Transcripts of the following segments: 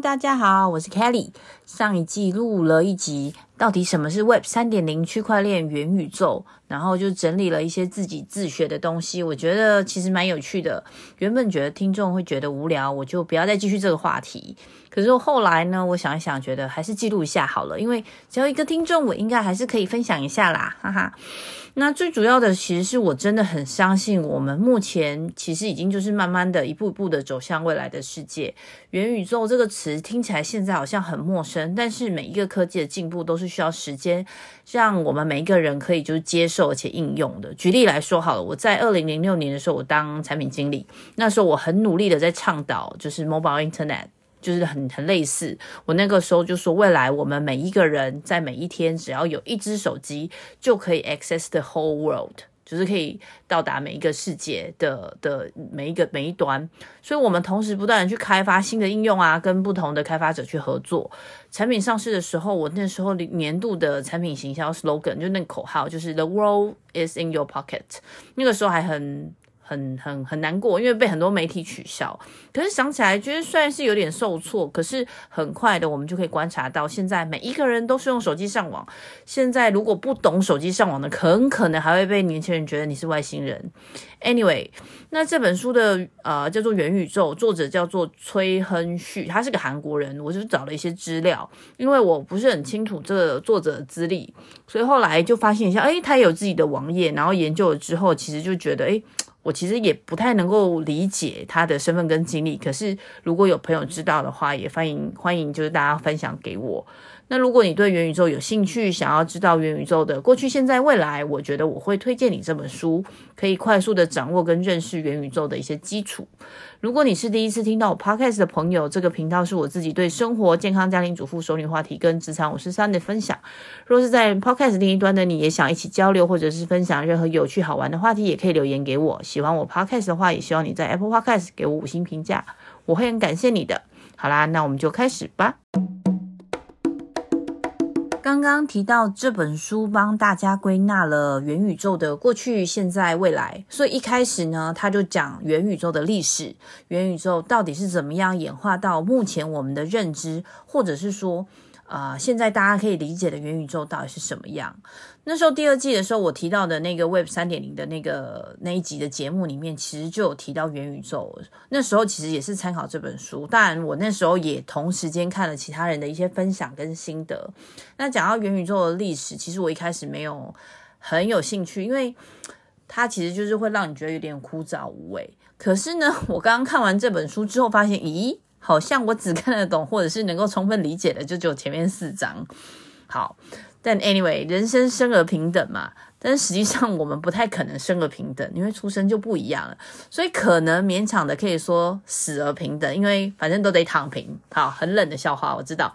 大家好，我是 Kelly。上一季錄了一集。到底什麼是 Web 三點零、區塊鏈、元宇宙？然後就整理了一些自己自學的東西，我覺得其實蠻有趣的。原本覺得聽眾會覺得無聊，我就不要再繼續這個話題。可是後來呢，我想一想，覺得還是記錄一下好了，因為只要一個聽眾，我應該還是可以分享一下啦，哈哈。那最主要的，其實是我真的很相信，我們目前其實已經就是慢慢的、一步一步的走向未來的世界。元宇宙這個詞聽起來現在好像很陌生，但是每一個科技的進步都是。需要時間，讓我們每一個人可以就是接受而且應用的。舉例來說，好了，我在2006年的時候，我當產品經理，那時候我很努力的在倡導，就是 mobile internet，就是很很類似。我那個時候就說，未來我們每一個人在每一天，只要有一隻手機，就可以 access the whole world。就是可以到達每一個世界的的每一個每一端，所以我們同時不斷的去開發新的應用啊，跟不同的開發者去合作。產品上市的時候，我那時候年度的產品形象 slogan 就那個口號就是 "The world is in your pocket"，那個時候還很。很很很難過，因為被很多媒體取笑。可是想起來，覺得雖然是有點受挫，可是很快的，我們就可以觀察到現在每一個人都是用手機上網。現在如果不懂手機上網的，很可能還會被年輕人覺得你是外星人。Anyway，那這本書的呃叫做《元宇宙》，作者叫做崔亨旭，他是個韓國人。我就找了一些資料，因為我不是很清楚這個作者的資歷，所以後來就發現一下，誒、欸，他也有自己的網頁。然後研究了之後，其實就覺得，誒、欸。我其實也不太能夠理解他的身份、跟經歷，可是如果有朋友知道的話，也歡迎歡迎，就是大家分享給我。那如果你對元宇宙有興趣，想要知道元宇宙的過去、現在、未來，我覺得我會推薦你這本書，可以快速的掌握跟認識元宇宙的一些基礎。如果你是第一次聽到我 Podcast 的朋友，這個頻道是我自己對生活、健康、家庭主婦、熟女話題跟職場五十三的分享。若是在 Podcast 另一端的你也想一起交流，或者是分享任何有趣好玩的話題，也可以留言給我。喜歡我 Podcast 的話，也希望你在 Apple Podcast 給我五星評價，我會很感謝你的。好啦，那我們就開始吧。剛剛提到這本書幫大家歸納了元宇宙的過去、現在、未來，所以一開始呢，他就講元宇宙的歷史，元宇宙到底是怎麼樣演化到目前我們的認知，或者是說。啊、呃，現在大家可以理解的元宇宙到底是什麼樣？那時候第二季的時候，我提到的那個 Web 三點零的那個那一集的節目裡面，其實就有提到元宇宙。那時候其實也是參考這本書，當然我那時候也同時間看了其他人的一些分享跟心得。那講到元宇宙的歷史，其實我一開始沒有很有興趣，因為它其實就是會讓你覺得有點枯燥無味。可是呢，我剛剛看完這本書之後，發現咦？好像我只看得懂，或者是能夠充分理解的，就只有前面四章。好，但 anyway，人生生而平等嘛，但是實際上我們不太可能生而平等，因為出生就不一樣了，所以可能勉強的可以說死而平等，因為反正都得躺平。好，很冷的笑話，我知道。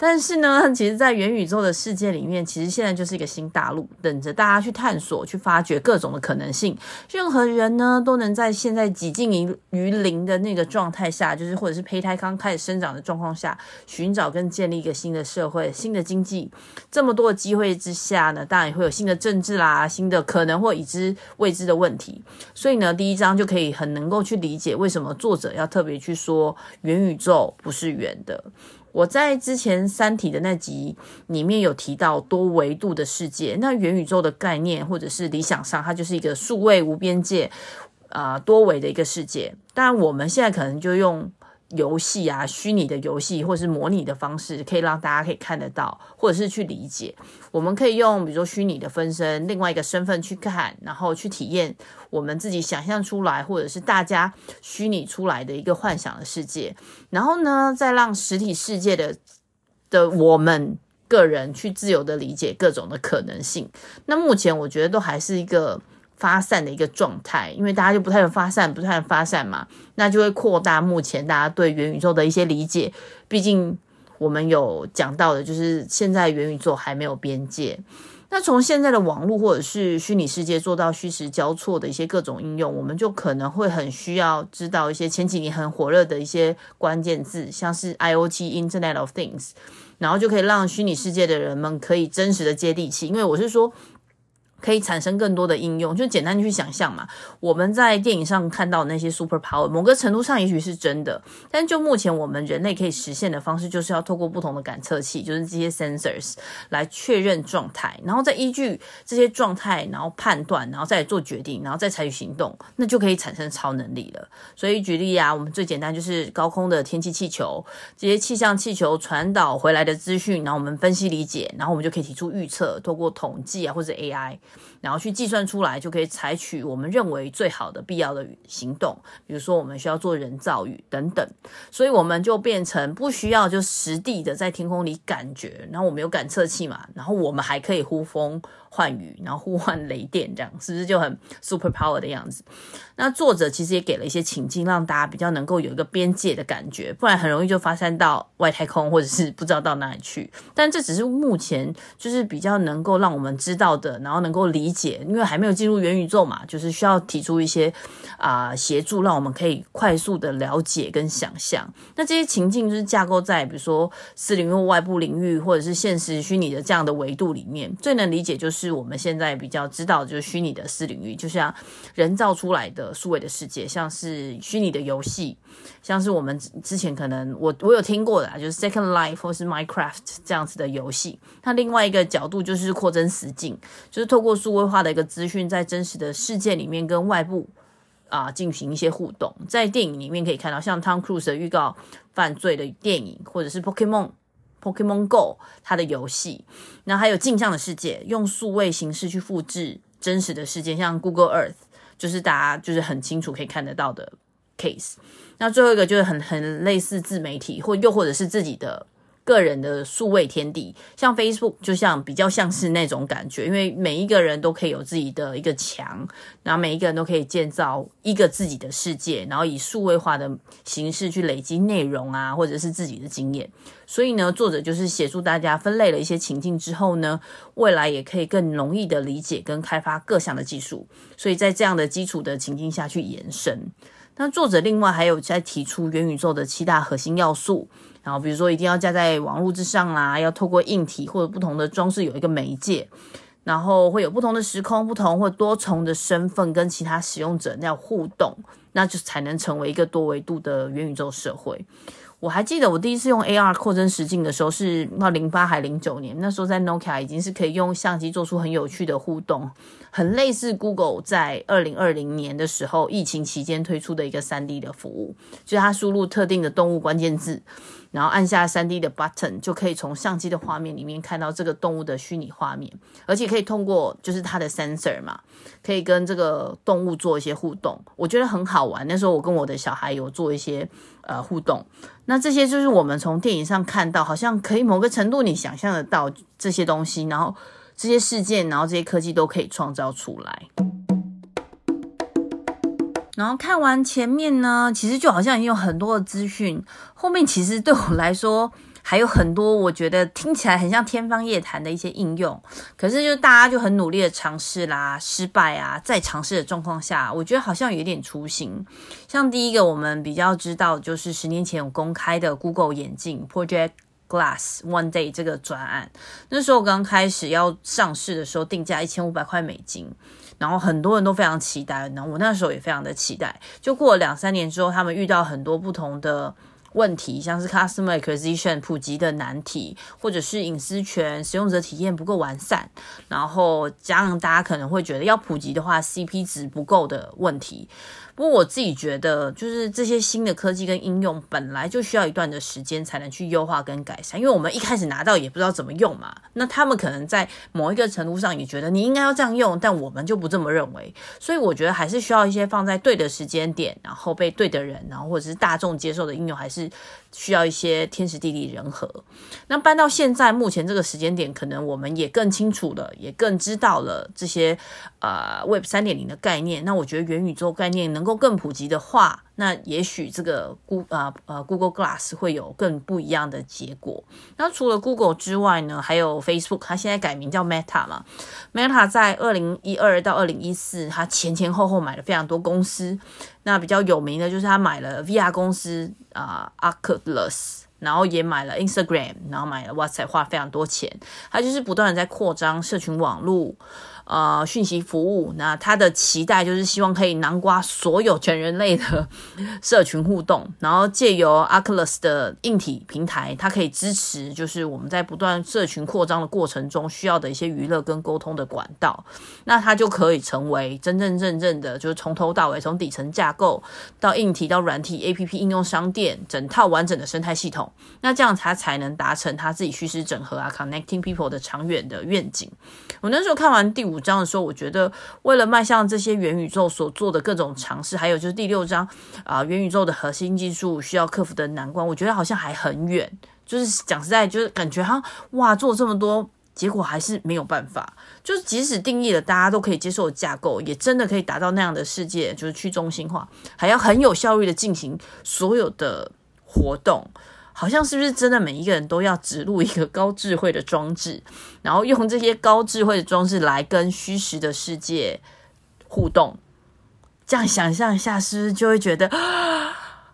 但是呢，其實，在元宇宙的世界裡面，其實現在就是一個新大陸，等着大家去探索、去發掘各種的可能性。任何人呢，都能在現在幾近於零的那個狀態下，就是或者是胚胎剛開始生長的狀況下，尋找跟建立一個新的社會、新的經濟。這麼多的機會之下呢，當然也會有新的政治啦、新的可能或已知未知的問題。所以呢，第一章就可以很能夠去理解為什麼作者要特別去說元宇宙不是圓的。我在之前《三體》的那集裡面有提到多維度的世界，那元宇宙的概念，或者是理想上，它就是一個數位無邊界、呃多維的一個世界。但我們現在可能就用，遊戲啊，虛擬的遊戲或是模擬的方式，可以讓大家可以看得到，或者是去理解。我們可以用，比如說虛擬的分身，另外一個身份去看，然後去體驗我們自己想象出來，或者是大家虛擬出來的一個幻想的世界。然後呢，再讓實體世界的的我們個人去自由的理解各種的可能性。那目前我覺得都還是一個。發散的一個狀態，因為大家就不太會發散，不太會發散嘛，那就會擴大目前大家對元宇宙的一些理解。畢竟我們有講到的，就是現在元宇宙還沒有邊界。那從現在的網絡或者是虛擬世界做到虛實交錯的一些各種應用，我們就可能會很需要知道一些前幾年很火熱的一些關鍵字，像是 IoT, Internet of Things，然後就可以讓虛擬世界的人們可以真實的接地氣。因為我是說。可以產生更多的應用，就簡單去想象嘛。我們在電影上看到的那些 superpower，某個程度上也許是真的，但就目前我們人類可以實現的方式，就是要透過不同的感測器，就是這些 sensors 來確認狀態，然後再依據這些狀態，然後判斷，然後再做決定，然後再採取行動，那就可以產生超能力了。所以舉例啊，我們最簡單就是高空的天氣氣球，這些氣象氣球傳導回來的資訊，然後我們分析理解，然後我們就可以提出預測，透過統計啊或者 AI。然後去計算出來，就可以採取我們認為最好的必要的行動。比如說，我們需要做人造雨等等，所以我們就變成不需要就實地的在天空裡感覺。然後我們有感測器嘛，然後我們還可以呼風。喚雨，然後呼喚雷電，這樣是不是就很 super power 的樣子？那作者其實也給了一些情境，讓大家比較能夠有一個邊界的感覺，不然很容易就發散到外太空，或者是不知道到哪裡去。但這只是目前就是比較能夠讓我們知道的，然後能夠理解，因為還沒有進入元宇宙嘛，就是需要提出一些啊、呃、協助，讓我們可以快速的了解跟想象。那這些情境就是架構在比如說私領域或外部領域，或者是現實虛擬的這樣的維度裡面，最能理解就是。是我們現在比較知道的，就是虛擬的四領域，就像人造出來的數位的世界，像是虛擬的遊戲，像是我們之前可能我我有聽過的啊，就是 Second Life 或是 Minecraft 這樣子的遊戲。那另外一個角度就是擴增實境，就是透過數位化的一個資訊，在真實的世界裡面跟外部啊、呃、進行一些互動。在電影裡面可以看到，像 Tom Cruise 的預告犯罪的電影，或者是 Pokémon。Pokemon Go，它的遊戲，那還有鏡像的世界，用數位形式去複製真實的世界，像 Google Earth，就是大家就是很清楚可以看得到的 case。那最後一個就是很很類似自媒體，或又或者是自己的。個人的數位天地，像 Facebook，就像比較像是那種感覺，因為每一個人都可以有自己的一個牆，然後每一個人都可以建造一個自己的世界，然後以數位化的形式去累積內容啊，或者是自己的經驗。所以呢，作者就是協助大家分類了一些情境之後呢，未來也可以更容易的理解跟開發各項的技術，所以在這樣的基礎的情境下去延伸。那作者另外還有在提出元宇宙的七大核心要素，然後比如說一定要架在網絡之上啦，要透過硬體或者不同的裝飾有一個媒介，然後會有不同的時空、不同或多重的身份跟其他使用者那樣互動，那就才能成為一個多維度的元宇宙社會。我還記得我第一次用 AR 擴增實境的時候，是到零八還零九年，那時候在 Nokia 已經是可以用相機做出很有趣的互動，很類似 Google 在二零二零年的時候疫情期間推出的一個三 D 的服務，就是它輸入特定的動物關鍵字。然後按下 3D 的 button，就可以從相機的畫面裡面看到這個動物的虛擬畫面，而且可以通過就是它的 sensor 嘛，可以跟這個動物做一些互動，我覺得很好玩。那時候我跟我的小孩有做一些呃互動，那這些就是我們從電影上看到，好像可以某個程度你想象得到這些東西，然後這些事件，然後這些科技都可以創造出來。然後看完前面呢，其實就好像已經有很多的資訊。後面其實對我來說還有很多，我覺得聽起來很像天方夜譚的一些應用。可是就是大家就很努力的嘗試啦，失敗啊，在嘗試的狀況下，我覺得好像有點雛形。像第一個我們比較知道，就是十年前有公開的 Google 眼鏡 Project Glass One Day 這個專案，那時候剛開始要上市的時候，定價一千五百塊美金。然後很多人都非常期待，然後我那時候也非常的期待。就過了兩三年之後，他們遇到很多不同的問題，像是 customer acquisition 普及的難題，或者是隱私權、使用者體驗不夠完善，然後加上大家可能會覺得要普及的話，CP 值不夠的問題。不過我自己覺得，就是這些新的科技跟應用本來就需要一段的時間才能去優化跟改善，因為我們一開始拿到也不知道怎麼用嘛。那他們可能在某一個程度上也覺得你應該要這樣用，但我們就不這麼認為。所以我覺得還是需要一些放在對的時間點，然後被對的人，然後或者是大眾接受的應用，還是需要一些天時地利人和。那搬到現在目前這個時間點，可能我們也更清楚了，也更知道了這些呃 Web 三點零的概念。那我覺得元宇宙概念能。更普及的話，那也許這個 Google Glass 會有更不一樣的結果。那除了 Google 之外呢，還有 Facebook，它現在改名叫 Meta 嘛。Meta 在二零一二到二零一四，它前前後後買了非常多公司。那比較有名的，就是它買了 VR 公司啊、呃、Oculus 然後也買了 Instagram，然後買了 WhatsApp，花了非常多錢。它就是不斷的在擴張社群網絡，呃，訊息服務。那它的期待就是希望可以囊括所有全人類的社群互動，然後借由 Oculus 的硬體平台，它可以支持就是我們在不斷社群擴張的過程中需要的一些娛樂跟溝通的管道。那它就可以成為真真正正的，就是從頭到尾，從底層架構到硬體到軟體 APP 應用商店整套完整的生態系統。那這樣他才能達成他自己虛實整合啊，connecting people 的長遠的願景。我那時候看完第五章的時候，我覺得為了邁向這些元宇宙所做的各種嘗試，還有就是第六章啊、呃，元宇宙的核心技術需要克服的難關，我覺得好像還很遠。就是講實在，就是感覺他、啊、哇，做這麼多，結果還是沒有辦法。就是即使定義了大家都可以接受的架構，也真的可以達到那樣的世界，就是去中心化，還要很有效率的進行所有的活動。好像是不是真的？每一個人都要植入一個高智慧的裝置，然後用這些高智慧的裝置來跟虛實的世界互動。這樣想象一下，是不是就會覺得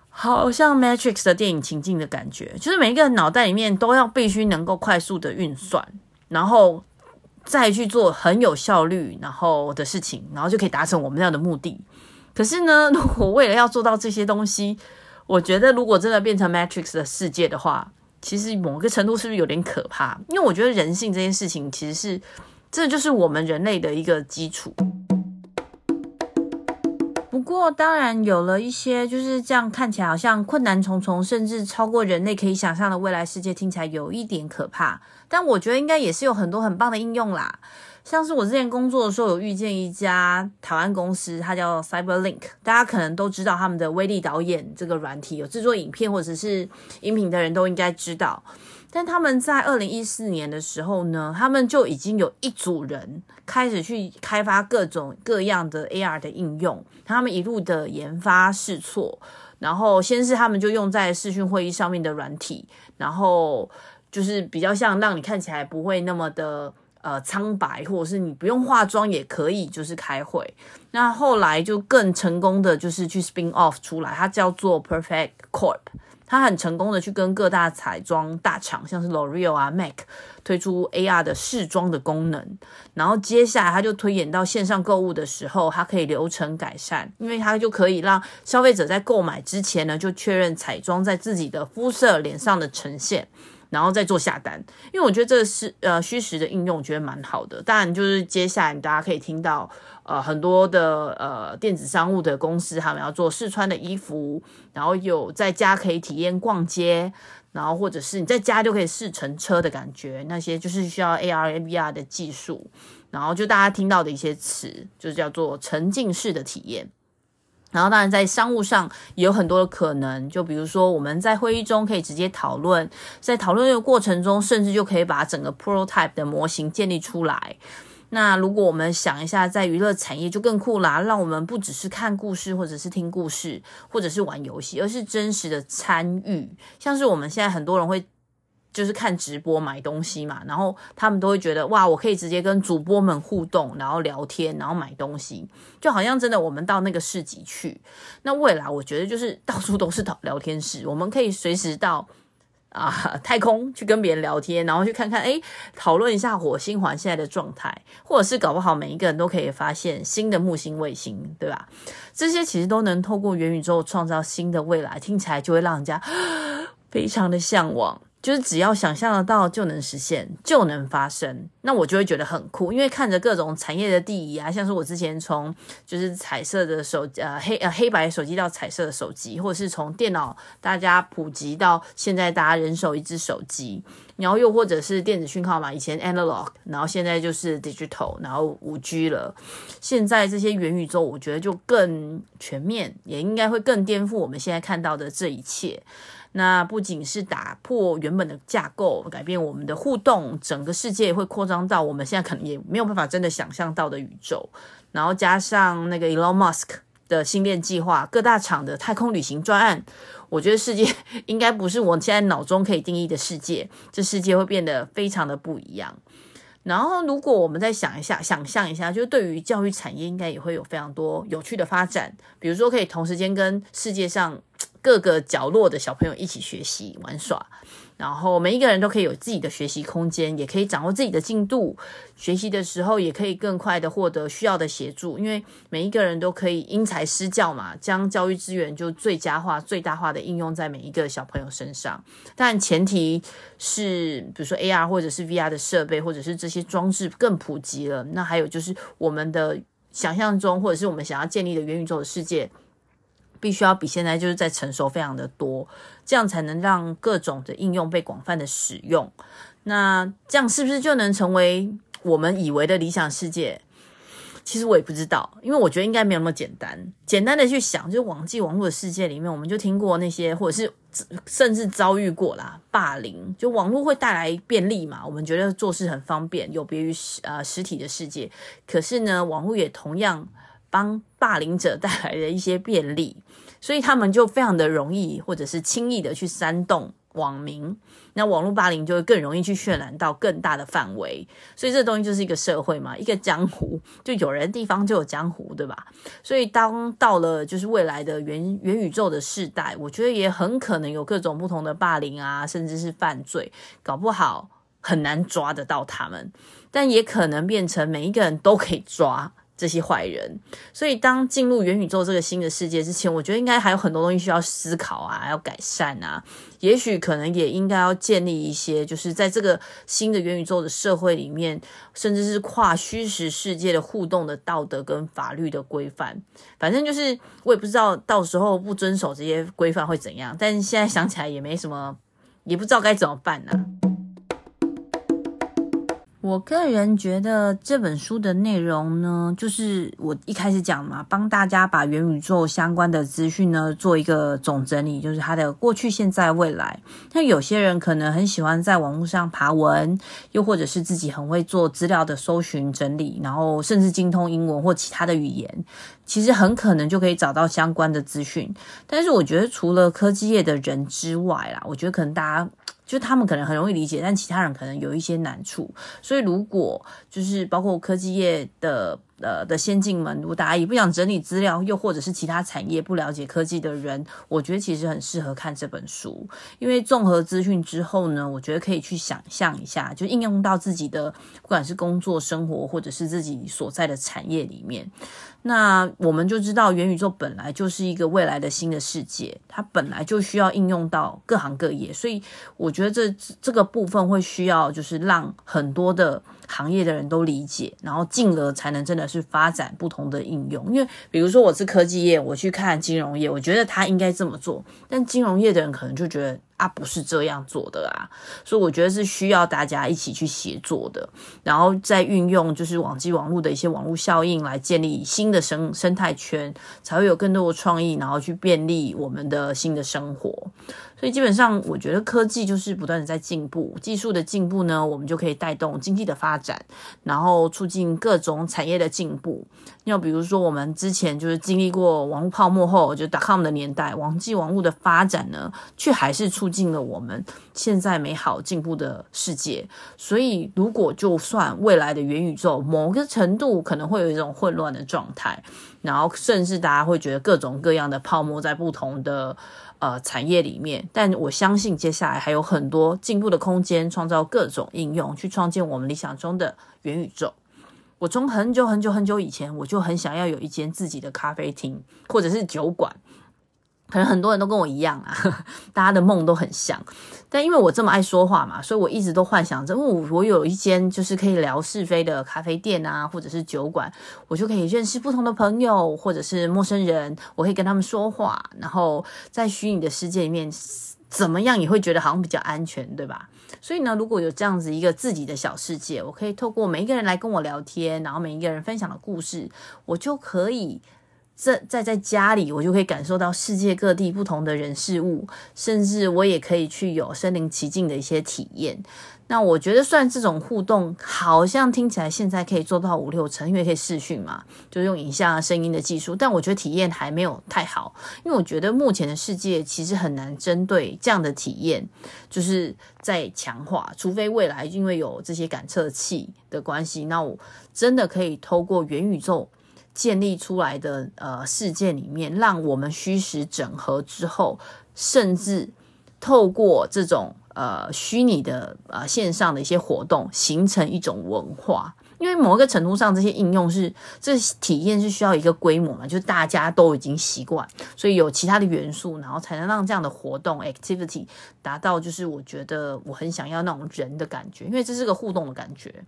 好像《Matrix》的電影情境的感覺？就是每一個人腦袋裡面都要必須能夠快速的運算，然後再去做很有效率然後的事情，然後就可以達成我們那樣的目的。可是呢，如果為了要做到這些東西，我覺得，如果真的變成 Matrix 的世界的話，其實某個程度是不是有點可怕？因為我覺得人性這件事情，其實是，這就是我們人類的一個基礎。不過，當然有了一些就是這樣看起來好像困難重重，甚至超過人類可以想象的未來世界，聽起來有一點可怕。但我覺得應該也是有很多很棒的應用啦。像是我之前工作的時候，有遇見一家台灣公司，它叫 CyberLink。大家可能都知道他們的威力導演這個軟體，有制作影片或者是音頻的人都應該知道。但他們在二零一四年的時候呢，他們就已經有一組人開始去開發各種各樣的 AR 的應用。他們一路的研發試錯，然後先是他們就用在視訊會議上面的軟體，然後就是比較像讓你看起來不會那麼的。呃，蒼白，或者是你不用化妝也可以，就是開會。那後來就更成功的，就是去 spin off 出來，它叫做 Perfect Corp，它很成功的去跟各大彩妝大廠，像是 L'Oreal 啊，Mac 推出 AR 的試妝的功能。然後接下來它就推演到線上購物的時候，它可以流程改善，因為它就可以讓消費者在購買之前呢，就確認彩妝在自己的膚色臉上的呈現。然後再做下單，因為我覺得這是呃虛實的應用，我覺得蠻好的。當然，就是接下來大家可以聽到呃很多的呃電子商務的公司他們要做試穿的衣服，然後有在家可以體驗逛街，然後或者是你在家就可以試乘車的感覺，那些就是需要 AR、VR 的技術。然後就大家聽到的一些詞，就是叫做沉浸式的體驗。然後，當然，在商務上也有很多的可能。就比如說，我們在會議中可以直接討論，在討論這個過程中，甚至就可以把整個 prototype 的模型建立出來。那如果我們想一下，在娛樂產業就更酷啦，讓我們不只是看故事，或者是聽故事，或者是玩遊戲，而是真實的參與，像是我們現在很多人會。就是看直播買東西嘛，然後他們都會覺得哇，我可以直接跟主播們互動，然後聊天，然後買東西，就好像真的我們到那個市集去。那未來我覺得就是到處都是聊天室，我們可以隨時到啊太空去跟別人聊天，然後去看看哎，討論一下火星環現在的狀態，或者是搞不好每一個人都可以發現新的木星衛星，對吧？這些其實都能透過元宇宙創造新的未來，聽起來就會讓人家非常的嚮往。就是只要想象得到就能實現，就能發生，那我就會覺得很酷。因為看着各種產業的遞移啊，像是我之前從就是彩色的手機，呃黑呃黑白手機到彩色的手機，或者是從電腦大家普及到現在大家人手一只手機，然後又或者是電子訊號嘛，以前 analog，然後現在就是 digital，然後五 G 了，現在這些元宇宙，我覺得就更全面，也應該會更顛覆我們現在看到的這一切。那不僅是打破原本的架構，改變我們的互動，整個世界會擴張到我們現在可能也沒有辦法真的想象到的宇宙。然後加上那個 Elon Musk 的星鏈計劃，各大廠的太空旅行專案，我覺得世界應該不是我現在腦中可以定義的世界。這世界會變得非常的不一樣。然後，如果我們再想一下，想象一下，就對於教育產業，應該也會有非常多有趣的發展，比如說可以同時間跟世界上。各個角落的小朋友一起學習玩耍，然後每一個人都可以有自己的學習空間，也可以掌握自己的進度。學習的時候也可以更快的獲得需要的協助，因為每一個人都可以因材施教嘛，將教育資源就最佳化、最大化的應用在每一個小朋友身上。但前提是，比如說 AR 或者是 VR 的設備，或者是這些裝置更普及了。那還有就是我們的想象中，或者是我們想要建立的元宇宙的世界。必須要比現在就是在成熟非常的多，這樣才能讓各種的應用被廣泛的使用。那這樣是不是就能成為我們以為的理想世界？其實我也不知道，因為我覺得應該沒有那麼簡單。簡單的去想，就是網際網絡的世界裡面，我們就聽過那些，或者是甚至遭遇過啦霸凌。就網絡會帶來便利嘛，我們覺得做事很方便，有別於實呃實體的世界。可是呢，網絡也同樣。幫霸凌者帶來的一些便利，所以他們就非常的容易，或者是輕易的去煽動網民，那網絡霸凌就會更容易去渲染到更大的範圍。所以這東西就是一個社會嘛，一個江湖，就有人的地方就有江湖，對吧？所以當到了就是未來的元元宇宙的世代，我覺得也很可能有各種不同的霸凌啊，甚至是犯罪，搞不好很難抓得到他們，但也可能變成每一個人都可以抓。這些壞人，所以當進入元宇宙這個新的世界之前，我覺得應該還有很多東西需要思考啊，要改善啊，也許可能也應該要建立一些，就是在這個新的元宇宙的社會裡面，甚至是跨虛實世界的互動的道德跟法律的規範。反正就是我也不知道到時候不遵守這些規範會怎樣，但是現在想起來也沒什麼，也不知道該怎麼辦呢、啊。我個人覺得這本書的內容呢，就是我一開始講嘛，幫大家把元宇宙相關的資訊呢做一個總整理，就是它的過去、現在、未來。那有些人可能很喜歡在網路上爬文，又或者是自己很會做資料的搜尋整理，然後甚至精通英文或其他的語言，其實很可能就可以找到相關的資訊。但是我覺得，除了科技業的人之外啦，我覺得可能大家。就他們可能很容易理解，但其他人可能有一些難處。所以，如果就是包括科技業的呃的先進們，如果大家也不想整理資料，又或者是其他產業不了解科技的人，我覺得其實很適合看這本書。因為綜合資訊之後呢，我覺得可以去想象一下，就應用到自己的不管是工作、生活，或者是自己所在的產業裡面。那我們就知道，元宇宙本來就是一個未來的新的世界，它本來就需要應用到各行各業，所以我覺得這這個部分會需要，就是讓很多的行業的人都理解，然後進而才能真的是發展不同的應用。因為比如說我是科技業，我去看金融業，我覺得他應該這麼做，但金融業的人可能就覺得。他不是這樣做的啊，所以我覺得是需要大家一起去協作的，然後再運用就是網際網路的一些網路效應來建立新的生生態圈，才會有更多的創意，然後去便利我們的新的生活。所以基本上，我覺得科技就是不斷的在進步，技術的進步呢，我們就可以帶動經濟的發展，然後促進各種產業的進步。要比如說，我們之前就是經歷過網絡泡沫後就 dot com 的年代，網際網絡的發展呢，卻還是促進了我們現在美好進步的世界。所以，如果就算未來的元宇宙某個程度可能會有一種混亂的狀態，然後甚至大家會覺得各種各樣的泡沫在不同的。呃，產業裡面，但我相信接下來還有很多進步的空間，創造各種應用，去創建我們理想中的元宇宙。我從很久很久很久以前，我就很想要有一間自己的咖啡廳或者是酒館。可能很多人都跟我一樣啊，呵呵，大家的夢都很像。但因為我這麼愛說話嘛，所以我一直都幻想着，我我有一間就是可以聊是非的咖啡店啊，或者是酒館，我就可以認識不同的朋友或者是陌生人，我可以跟他們說話，然後在虛擬的世界裡面，怎麼樣也會覺得好像比較安全，對吧？所以呢，如果有這樣子一個自己的小世界，我可以透過每一個人來跟我聊天，然後每一個人分享的故事，我就可以。這在在在家裡，我就可以感受到世界各地不同的人事物，甚至我也可以去有身臨其境的一些體驗。那我覺得算這種互動，好像聽起來現在可以做到五六成，因為可以視訊嘛，就用影像聲音的技術。但我覺得體驗還沒有太好，因為我覺得目前的世界其實很難針對這樣的體驗就是在強化，除非未來因為有這些感測器的關係，那我真的可以透過元宇宙。建立出來的呃事件裡面，讓我們虛實整合之後，甚至透過這種呃虛擬的呃線上的一些活動，形成一種文化。因為某一個程度上，這些應用是這體驗是需要一個規模嘛，就大家都已經習慣，所以有其他的元素，然後才能讓這樣的活動 activity 達到就是我覺得我很想要那種人的感覺，因為這是個互動的感覺。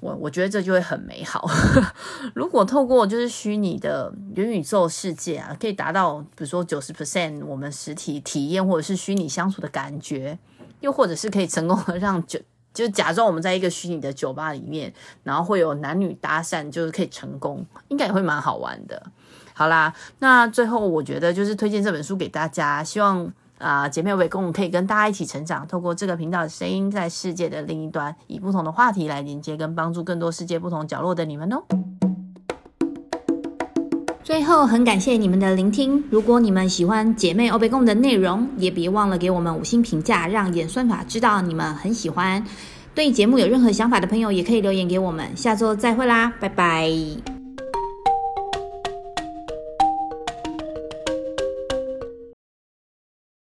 我我覺得這就會很美好呵呵。如果透過就是虛擬的元宇宙世界啊，可以達到比如說九十 percent 我們實體體驗或者是虛擬相處的感覺，又或者是可以成功的讓就，就假裝我們在一個虛擬的酒吧裡面，然後會有男女搭訕，就是可以成功，應該也會蠻好玩的。好啦，那最後我覺得就是推薦這本書給大家，希望。啊、呃，姐妹歐北共可以跟大家一起成長，透過這個頻道的聲音，在世界的另一端，以不同的話題來連接跟幫助更多世界不同角落的你們哦。最後，很感謝你們的聆聽。如果你們喜歡姐妹歐北共的內容，也別忘了給我們五星評價，讓演算法知道你們很喜歡。對節目有任何想法的朋友，也可以留言給我們。下週再會啦，拜拜。